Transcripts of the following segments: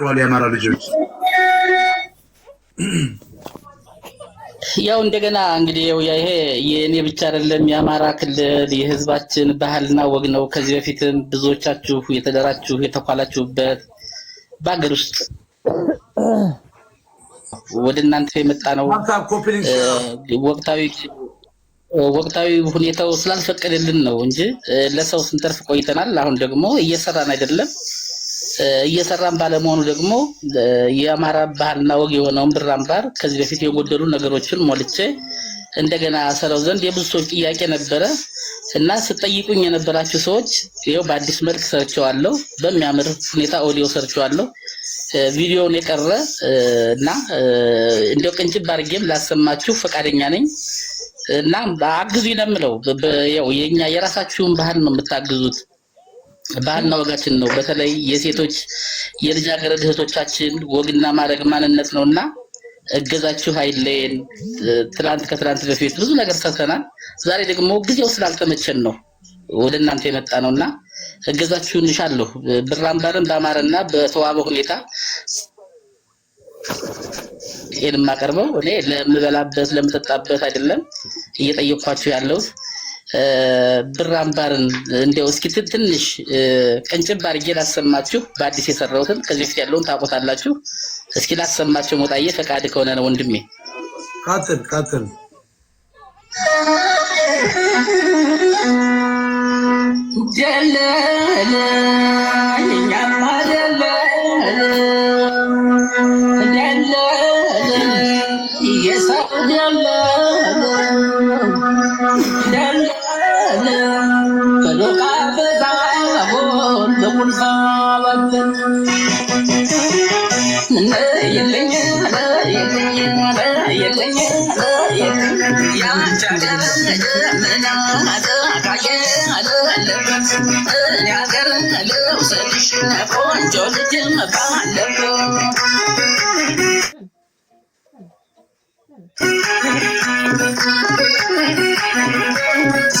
ይበቃቸዋል። የአማራ ልጆች ያው እንደገና እንግዲህ ያው ይሄ የእኔ ብቻ አይደለም፣ የአማራ ክልል የህዝባችን ባህልና ወግ ነው። ከዚህ በፊትም ብዙዎቻችሁ የተደራችሁ የተኳላችሁበት በሀገር ውስጥ ወደ እናንተ የመጣ ነው። ወቅታዊ ወቅታዊ ሁኔታው ስላልፈቀደልን ነው እንጂ ለሰው ስንተርፍ ቆይተናል። አሁን ደግሞ እየሰራን አይደለም። እየሰራን ባለመሆኑ ደግሞ የአማራ ባህልና ወግ የሆነውን ብራምባር ከዚህ በፊት የጎደሉ ነገሮችን ሞልቼ እንደገና ሰራው ዘንድ የብዙ ሰዎች ጥያቄ ነበረ እና ስጠይቁኝ የነበራችሁ ሰዎች ይኸው በአዲስ መልክ ሰርቸዋለሁ። በሚያምር ሁኔታ ኦዲዮ ሰርቸዋለሁ። ቪዲዮውን የቀረ እና እንዲያው ቅንጭብ አድርጌም ላሰማችሁ ፈቃደኛ ነኝ እና አግዙኝ ነው የምለው። የእኛ የራሳችሁን ባህል ነው የምታግዙት። ባህልና ወጋችን ነው። በተለይ የሴቶች የልጃገረድ እህቶቻችን ወግና ማድረግ ማንነት ነው እና እገዛችሁ ሀይሌን ትናንት ከትናንት በፊት ብዙ ነገር ሰርተናል። ዛሬ ደግሞ ጊዜው ስላልተመቸን ነው ወደ እናንተ የመጣ ነው እና እገዛችሁን እንሻለሁ። ብራምባርን በአማረና በተዋበ ሁኔታ ይህን የማቀርበው እኔ ለምበላበት ለምጠጣበት አይደለም እየጠየኳችሁ ያለሁት ብር አምባርን እንዲያው እስኪ ትንሽ ቅንጭብ አድርጌ ላሰማችሁ። በአዲስ የሰራሁትን ከዚህ ፊት ያለውን ታውቁታላችሁ። እስኪ ላሰማችሁ። ሞጣዬ ፈቃድ ከሆነ ነው ወንድሜ። ቀጥል ቀጥል። ጀለለ አባለን ለየልኝ ለየልኝ ምን አቃየ አለበት እኔ ሀገር ልውሰድሽ ቆንጆ ልጅም ባለበት Thank you.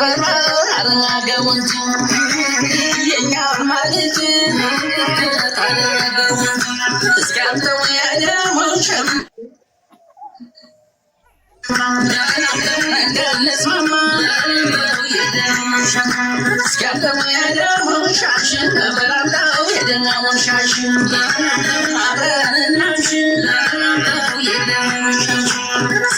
ተበራር አናገውንጂ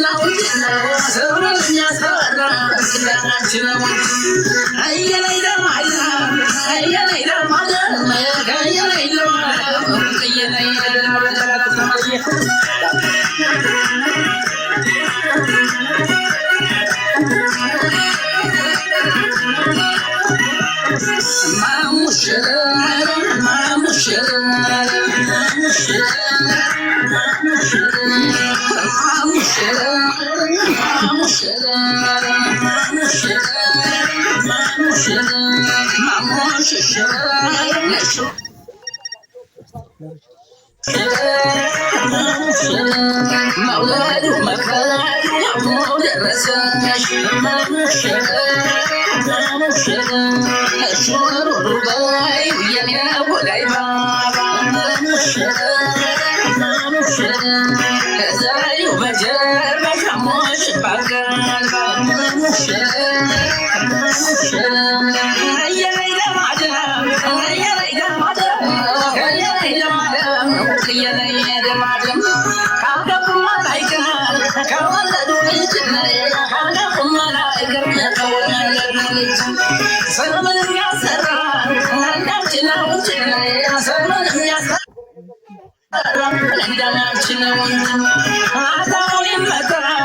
Yeah. مولاد مكان محمود الرساش الشهر الرباعي يا ابو I'm not going to to be able do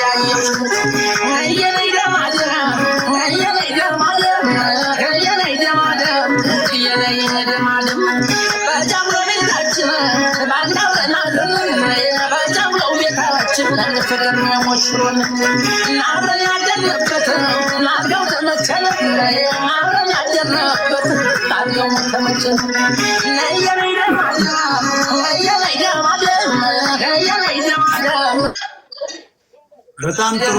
ያየ ለፍቅር የሞቹን አብረን ያደንበት አድገው ተመቸን አብረን ያደንበት አድገው ተመቸን በጣም ጥሩ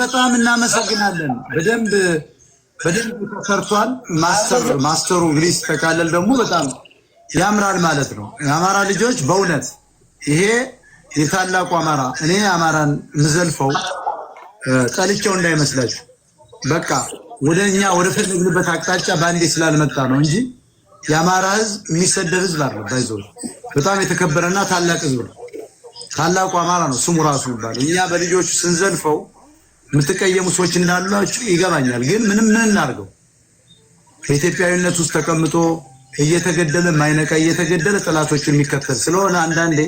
በጣም በጣም እናመሰግናለን። በደንብ በደንብ ተሰርቷል። ማስተር ማስተሩ እንግዲህ ሲጠቃለል ደግሞ በጣም ያምራል ማለት ነው። የአማራ ልጆች በእውነት ይሄ የታላቁ አማራ እኔ አማራን ምዘልፈው ጠልቸው እንዳይመስላችሁ። በቃ ወደ እኛ ወደ ፈለግንበት አቅጣጫ በአንዴ ስላልመጣ ነው እንጂ የአማራ ህዝብ የሚሰደብ ህዝብ አለ ባይዞ በጣም የተከበረና ታላቅ ህዝብ ነው። ታላቁ አማራ ነው ስሙ ራሱ ይባል። እኛ በልጆቹ ስንዘልፈው የምትቀየሙ ሰዎች እንዳሏችሁ ይገባኛል። ግን ምንም ምን እናድርገው፣ በኢትዮጵያዊነት ውስጥ ተቀምጦ እየተገደለ ማይነቃ እየተገደለ ጠላቶቹን የሚከተል ስለሆነ አንዳንዴ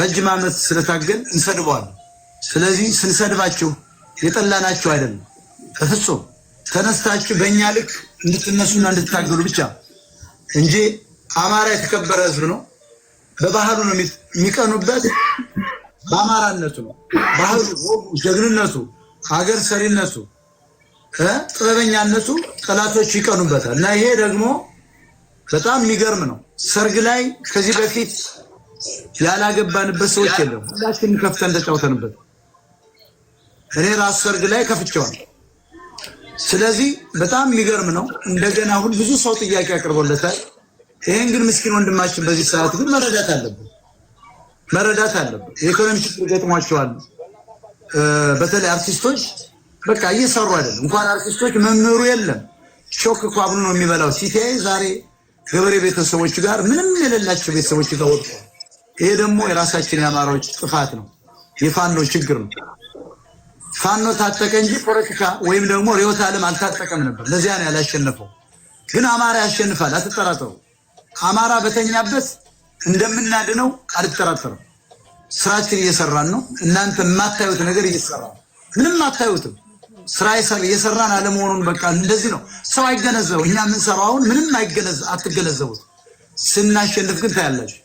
ረጅም ዓመት ስለታገል እንሰድበዋል። ስለዚህ ስንሰድባችሁ የጠላናችሁ አይደለም በፍጹም ተነስታችሁ በእኛ ልክ እንድትነሱና እንድትታገሉ ብቻ እንጂ አማራ የተከበረ ህዝብ ነው። በባህሉ ነው የሚቀኑበት፣ በአማራነቱ ነው ባህሉ፣ ወጉ፣ ጀግንነቱ ሀገር ሰሪነቱ ጥበበኛነቱ ጠላቶች ይቀኑበታል። እና ይሄ ደግሞ በጣም የሚገርም ነው። ሰርግ ላይ ከዚህ በፊት ያላገባንበት ሰዎች የለም። ሁላችን ከፍተን ተጫውተንበት። እኔ ራሱ ሰርግ ላይ ከፍቼዋል። ስለዚህ በጣም የሚገርም ነው። እንደገና አሁን ብዙ ሰው ጥያቄ አቅርቦለታል። ይህን ግን ምስኪን ወንድማችን በዚህ ሰዓት ግን መረዳት አለብን፣ መረዳት አለብን። የኢኮኖሚ ችግር ገጥሟቸዋል። በተለይ አርቲስቶች በቃ እየሰሩ አይደለም። እንኳን አርቲስቶች መምህሩ የለም ሾክ እኮ አብሎ ነው የሚበላው። ሲቲይ ዛሬ ገበሬ ቤተሰቦች ጋር ምንም የሌላቸው ቤተሰቦች ጋር ወጡ። ይሄ ደግሞ የራሳችን የአማራዎች ጥፋት ነው፣ የፋኖ ችግር ነው። ፋኖ ታጠቀ እንጂ ፖለቲካ ወይም ደግሞ ርዕዮተ ዓለም አልታጠቀም ነበር። ለዚያ ነው ያላሸነፈው። ግን አማራ ያሸንፋል፣ አትጠራጠሩ። አማራ በተኛበት እንደምናድነው አልጠራጠርም። ስራችን እየሰራን ነው። እናንተ የማታዩት ነገር እየሰራ ነው። ምንም አታዩትም። ስራ እየሰራን አለመሆኑን በቃ እንደዚህ ነው። ሰው አይገነዘቡ። እኛ የምንሰራውን ምንም አይገነዘ አትገነዘቡት። ስናሸንፍ ግን ታያላችሁ።